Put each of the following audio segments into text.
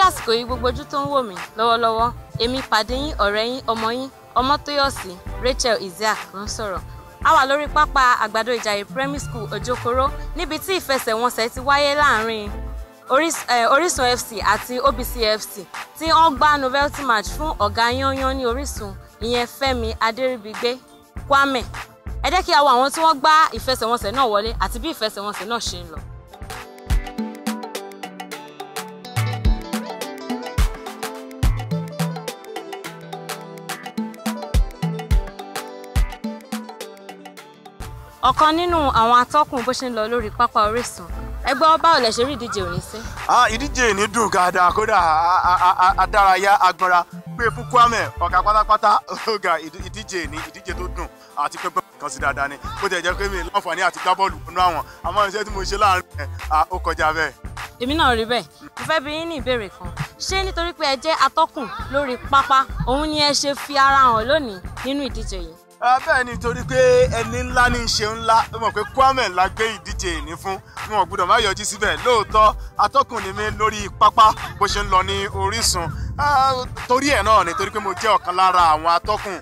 dàsìkò yìí gbogbo ojú tó ń wò mí lọ́wọ́lọ́wọ́ èmi pàdé yín ọ̀rẹ́ yín ọmọ yín ọmọtóyọ̀sí Rachel Isiaq ń sọ̀rọ̀ a wà lórí pápá àgbàdo ìjàyè primary school ojokoro níbi tí ìfẹsẹ̀wọnsẹ̀ ti wáyé láàrin Orísun eh, FC àti OBC FC tí wọ́n gbá novelty match fún ọ̀gá yányán ní Orísun ìyẹn Fẹ́mi Adéríbigbé Kwame ẹ jẹ́ kí a wo àwọn tí wọ́n gbá ìfẹsẹ̀wọnsẹ̀ náà wọlé àti bí ìfẹsẹ̀wọnsẹ̀ náà ṣe ń lọ. ọ̀kan nínú àwọn atọ́kùn bó ṣe ń lọ lórí pápá Orísun ẹgbẹ́ ọba ò lè ṣe rí ìdíje òní sí. ìdíje ìní dùn gàdà kódà adárayá agbára pé fún Kwame ọ̀gá pátápátá ọ̀gá ìdíje ìní ìdíje tó dùn àti pẹpẹ kan sí dáadáa ni bó tẹ̀ jẹ́ pé mi láǹfààní àti gbá bọ́ọ̀lù nínú àwọn àmọ́ iṣẹ́ tí mo ṣe láàárín ẹ̀ ó kọjá bẹ́ẹ̀. èmi náà rí bẹ́ẹ̀ mo fẹ́ bi yín ní ìbéèrè kan ṣé nítorí pé ẹ jẹ́ atọ́kùn lórí pápá òun ni ẹ ṣe fi ara hàn lónìí nínú ìdíje yìí. Ah, bẹ́ẹ̀ ni torí pé ẹni ńlá ní í ṣe ńlá ó mọ̀ pé Kwame la gbé ìdíje ìní fún wọn gbúdọ̀ má yọjú síbẹ̀ lóòótọ́ atọ́kùn ni mí lórí pápá bó ṣe ń lọ ní Orísun ah, torí ẹ̀ náà ni torí pé mo jẹ́ ọ̀kan lára àwọn atọ́kùn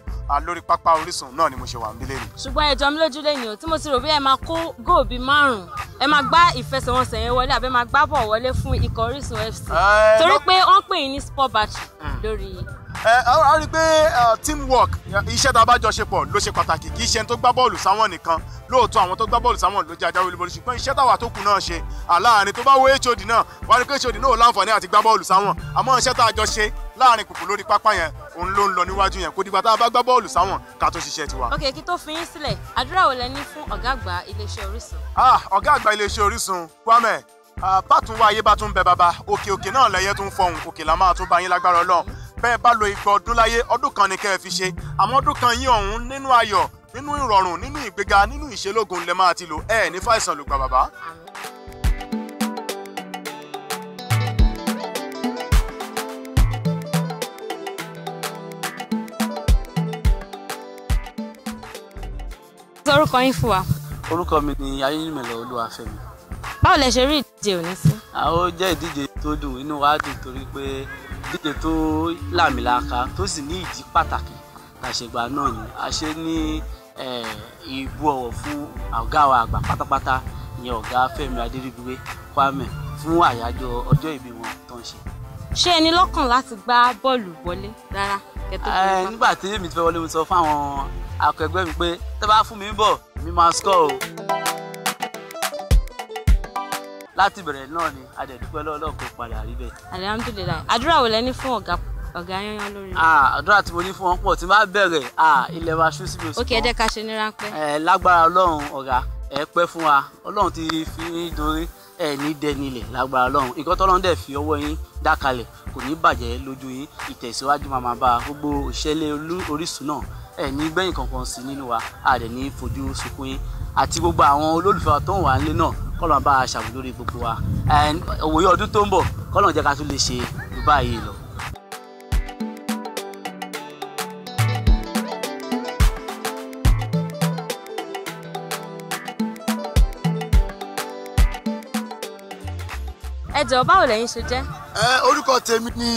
lórí pápá Orísun náà ni mo ṣe wà nílé ni. ṣùgbọ́n ẹ̀jọ̀ mi lójú lẹ́yìn o tí mo ti rò bí ẹ máa kó góòbí márùn-ún ẹ máa gbá ìfẹsẹ̀wọnsẹ̀ yẹn wọlé àbẹ́ máa gbá bọ̀ wọlé fún ikọ̀ Orísun FC eh, torí pé wọ́n pè yín ní sport battery hmm. lórí a rí i pé teamwork iṣẹ́ tá a bá jọ ṣe pọ̀ ló ṣe pàtàkì kì í ṣe ẹni tó gbá bọ́ọ̀lù sáwọn nìkan lóòótọ́ àwọn tó gbá bọ́ọ̀lù sáwọn ló jẹ́ ajáwé olúborí ṣùgbọ́n iṣẹ́ táwa tó kù náà ṣe àláàrin tó bá wo HOD náà wọ́n rí pé HOD náà ò láǹfààní àti gbá bọ́ọ̀lù sáwọn àmọ́ iṣẹ́ tá a jọ ṣe láàrin kùkù lórí pápá yẹn òun ló ń lọ níwájú yẹn kó dìgbà tá a bá gbá bọ́ọ̀lù sáwọn ká tó ṣiṣẹ́ tiwa. ok kí tó fi yín sílẹ̀ àdúrà wo lẹ ní fún ọ̀gá àgbà iléeṣẹ́ Orísun. Ah, ọ̀gá àgbà iléeṣẹ́ Orísun Kwame ah, bá tún wá ayé bá tún bẹ bàbá òkè òkè náà lẹyẹ tún fọhùn òkè là máa bá yín lágbára Ọlọ́run bẹ́ẹ̀ bá lo igba ọdún láyé ọdún kan ni kẹ́ ẹ fi ṣe àmọ́ ọdún kan yín ọ̀hún nínú ayọ̀ nínú ìrọ̀rùn nínú ìgbéga nínú ìṣelógun lẹ máa ti lò ẹ ní fàìsàn lùgbà bàbá. orúkọ yín fún wa. orúkọ mi ni ayélujára olúwafẹ́mi. báwo lẹ ṣe rí ìdíje òní sí. àwọn jẹ́ ìdíje tó dùn inú wa dùn torí pé ìdíje tó làmìlaka tó sì ní ìdí pàtàkì tàṣegbà náà ni a ṣe ní ìbú ọ̀wọ̀ fún ọ̀gá wa àgbà pátápátá ìyẹn ọ̀gá Fẹ́mi Adéríbiwé Kwame fún àyájọ́ ọjọ́ ìbí wọn tó ń ṣe. ṣé ẹni lọ́kàn láti gbá bọ́ọ̀lù wọlé rárá kẹtọ́ nígbà tí èmi ti fẹ́ wọlé mo sọ fún àwọn akẹgbẹ́ mi pé tẹ́ bá fún mi bọ̀ mi máa score o láti bẹ̀rẹ̀ náà ni a dẹ̀ dúpẹ́ lọ́wọ́ kó padà rí bẹ́ẹ̀. alihamudulilayi àdúrà wo lẹ ní fún ọ̀gá ọ̀gá yányán lórí. àdúrà tí mo ní fún wọn pọ̀ tí n bá bẹ̀rẹ̀ ilẹ̀ wa ṣú síbi òsì kan. ó kì í ẹ jẹ́ ká ṣe ní ráńpẹ́. ẹ lágbára ọlọ́run ọ̀gá ẹ pẹ́ fún wa ọlọ́run ti fi yín dorí ẹ ní dẹnilẹ̀ lágbára ọlọ́run ìkọ́ tọ́lọ́run dẹ̀ fi ọwọ́ yín dákalẹ̀ kò ní bàjẹ́ lójú yín ìtẹ̀síwájú máa máa bá gbogbo òṣèlè Orísun náà ẹ ní gbẹ̀yìn kankan sí nínú wa a dẹ̀ ní fojú sunkún yín àti gbogbo àwọn olólùfẹ́ wa ń wà náà kọ́lọ́n bá a ṣàbù lórí gbogbo wa òwòye ọdún tó ń bọ̀ kọ́lọ́n jẹ́ ká tún lè ṣe Dubai yìí lọ. ẹ jọ̀ọ́ báwo lẹ́yìn ṣe jẹ́. ẹ orúkọ tèmi ni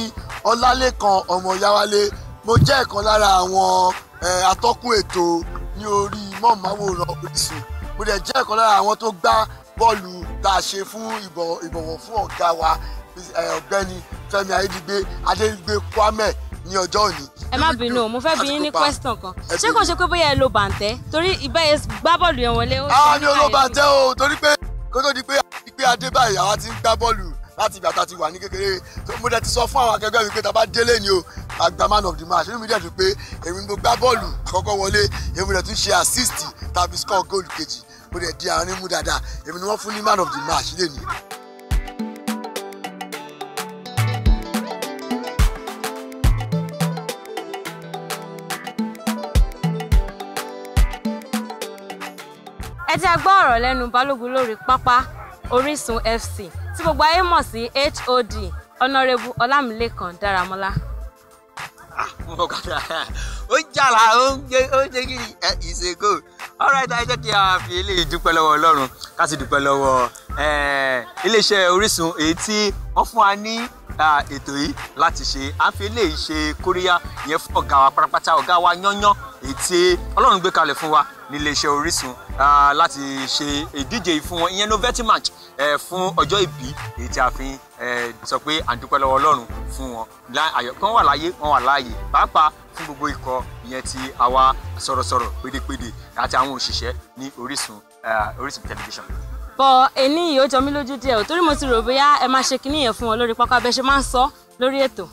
ọlálẹ́kan ọmọ yáwálé mo jẹ́ ìkan lára àwọn atọ́kùn ètò ní orí mọ́ọ̀máwòrán Orísun mo dẹ̀ jẹ́ ìkan lára àwọn tó gbá bọ́ọ̀lù tá a ṣe fún ìbọ̀wọ̀ fún ọ̀gá wa ọ̀gbẹ́ni Fẹ́mi Ayédìgbé Adédìgbé Kwame ní ọjọ́ òní. ẹ má bínú mo fẹ́ bi yín ní question kan ṣé kò ṣe pé bóyá ẹ lo bàǹtẹ́ torí ìbẹ́yẹ gbá bọ́ọ̀lù yẹn wọlé. a ah, mi ò lo bàǹtẹ́ o torí pé kó tó di pé pé adébáyé àwa ti ń gbá bọ́ọ̀lù láti ìgbà tá a ti wà ní kékeré mo dẹ̀ ti sọ fún àwọn akẹgbẹ́ mi pé tá a bá délé ni o àgbà man of the match nínú mi dẹ̀ dùn pé èmi mo gbá bọ́ọ̀lù àkọ́kọ́ wọlé èmi dẹ̀ tún ṣe assist tàbí score goal kejì mo dẹ̀ di àárín mú dáadáa èmi ni wọ́n fún ní man of the match lẹ́nu. ẹ ti gbọ́ ọ̀rọ̀ lẹ́nu balógun lórí pápá Orísun FC tí gbogbo ayé mọ̀ sí HOD ọ̀nàrẹ́bù ọlámilẹ́kan dáramọ́lá. Ah, ó jàlá ó ń gbé ó ń jẹ́ kí ni ìṣègùn alright ẹ jẹ́ kí a fi eléyìí dúpẹ́ lọ́wọ́ ọlọ́run ká sì dúpẹ́ lọ́wọ́ iléeṣẹ́ Orísun èyí tí wọ́n fún wa ní ètò yìí láti ṣe à ń fi eléyìí ṣe kóríyá ìyẹn fún ọ̀gá wa pátápátá ọ̀gá wa yányán èyí tí ọlọ́run gbé kalẹ̀ fún wa ní iléeṣẹ́ Orísun láti ṣe ìdíje fún wọn ìyẹn novelty match fún ọjọ́ ìbí èyí tí a fi sọ pé à ń dúpẹ́ lọ́wọ́ ọlọ́run fún wọn kí wọ́n wà láyé wọ́n wà láàyè pàápàá fún gbogbo ikọ̀ ìyẹn ti àwa sọ̀rọ̀sọ̀rọ̀ pédépédé àti àwọn òṣìṣẹ́ ní Orísun Orísun tẹlifíṣàn bọ ẹni yìí ó jọ mí lójú díẹ̀ ò torí mo ti rò bóyá ẹ máa ṣe kinní yẹn fún wọn lórí pápá bẹ ṣe máa ń sọ lórí ètò.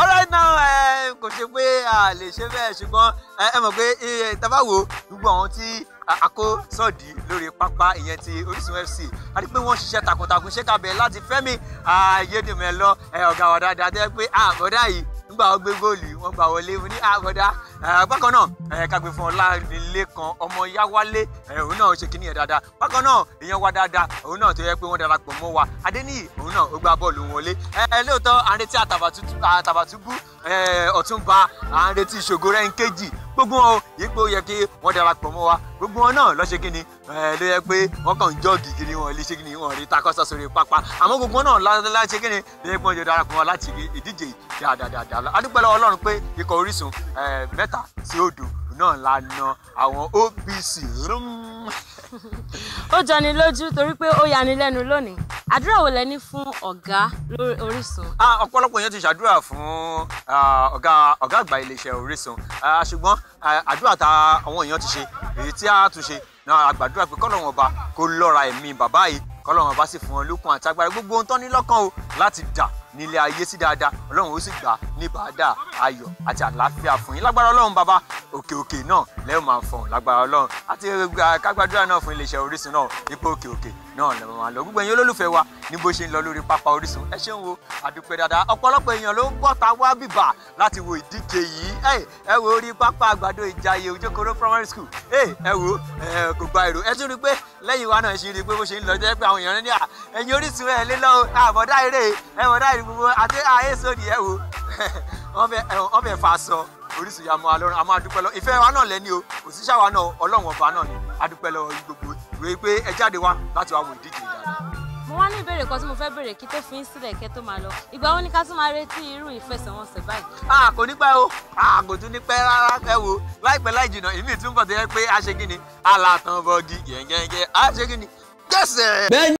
ọ̀rọ̀ náà ẹ kò ṣe pé a lè ṣe bẹ́ẹ̀ ṣùgbọ́n ẹ mọ̀ pé tabawo gbogbo àwọn tí a kó sọ́ọ̀dì lórí pápá ìyẹn ti Orísun FC a pé wọ́n ṣiṣẹ́ takuntakun ṣé kábẹ̀ láti Fẹ́mi Ayédèmẹ́lọ ọ̀gá wa tẹ́ pé àbọ̀dá yìí nígbà wọn gbé góòlù wọn gbà wọlé ní àgọ́dá ah, eh, bákan náà eh, kagbe fún Ọlálékan ọmọ Yáwálé eh, òun náà ṣe kíní ẹ̀ dáadáa bákan náà èèyàn wá dáadáa òun náà tó yẹ pé wọ́n darapọ̀ mọ́ wa Adéníyì òun náà ó gbá bọ́ọ̀lù wọn lóòótọ́ à ń retí Àtàbàtúbú Ọ̀túnba à ń retí gbogbo wọn yìí pé ó yẹ kí wọ́n darapọ̀ mọ́ wa gbogbo wọn náà lọ́ ṣe kí ni ló yẹ pé wọ́n kàn ń jọ́ọ̀gì kí ni wọ́n lè ṣe kí ni wọ́n rí takọ́sọ́ sórí pápá àmọ́ gbogbo wọn náà lá ṣe kí ni ló yẹ pé wọ́n jọ darapọ̀ wọn láti ìdíje dáadáa adúpẹ́ lọ́wọ́ Ọlọ́run pé ikọ̀ Orísun mẹ́ta sí òdo náà la na àwọn OBC rúm. ó jọni lójú torí pé ó yani lẹ́nu lónìí àdúrà wo lẹ ní fún ọ̀gá lórí Orísun. ọ̀pọ̀lọpọ̀ yẹn ti ṣàdúrà fún ọ̀gá ọ̀gá àgbà iléeṣẹ́ Orísun ṣùgbọ́n àdúrà tá àwọn èèyàn ti ṣe èyí tí a tún ṣe náà àgbàdúrà pé kọ́lọ́run ọba kó lọ́ra ẹ̀mí bàbá yìí kọ́lọ́run ọba sì fún wọn lókun àtagbára gbogbo ohun tó ní lọ́kàn o láti dà nílé ayé sí dáadáa ọlọ́run ó sì gbà ní bàdà ayọ̀ àti àlàáfíà fún yín lágbára ọlọ́run bàbá òkè òkè náà lẹ́yìn máa fọ̀n lágbára ọlọ́run àti kágbádúrà náà fún iléeṣẹ́ Orísun náà ipò òkè òkè náà lẹ́yìn máa lọ gbogbo ẹ̀yin olólùfẹ́ wa ní bó ṣe ń lọ lórí pápá Orísun ẹ ṣeun wo àdúpẹ́ dáadáa ọ̀pọ̀lọpọ̀ èèyàn ló ń bọ́ta wá bìbà láti wo ìdíje yìí ẹ wo orí pápá àgbàdo ìjayé Òjòkòrò primary school ẹ wo kò gba èrò ẹ tún rí i pé lẹ́yìn wa náà ṣe rí i pé bó ṣe ń lọ jẹ́ pé àwọn èèyàn ní à ẹ̀yin gbogbo àti ayé sóni ẹ wo wọn fẹ́ fa sọ orísun yà mọ alọrun a lọ ìfẹ́ wa náà lẹ́ni o òṣìṣẹ́ wa náà ọlọ́run ọba náà ni a lọ gbogbo rèé pé ẹ jáde wá láti wá wo ìdíje ìdáná. mo wá ní ìbéèrè kan tí mo fẹ́ béèrè kí tó fi ń sílẹ̀ kẹ́ tó máa lọ ìgbà wo ni ká tún máa retí irú ìfẹsẹ̀wọnsẹ̀ báyìí. a kò ní pẹ́ o a kò tún ní pẹ́ rárá ẹ wo láìpẹ́ láì jìnnà ìmí ìtúbọ̀ tó yẹ pé a ṣe kí ni alátàn bọ́ọ̀gì gẹ́gẹ́gẹ́ a ṣe kí ni gẹ́sẹ̀.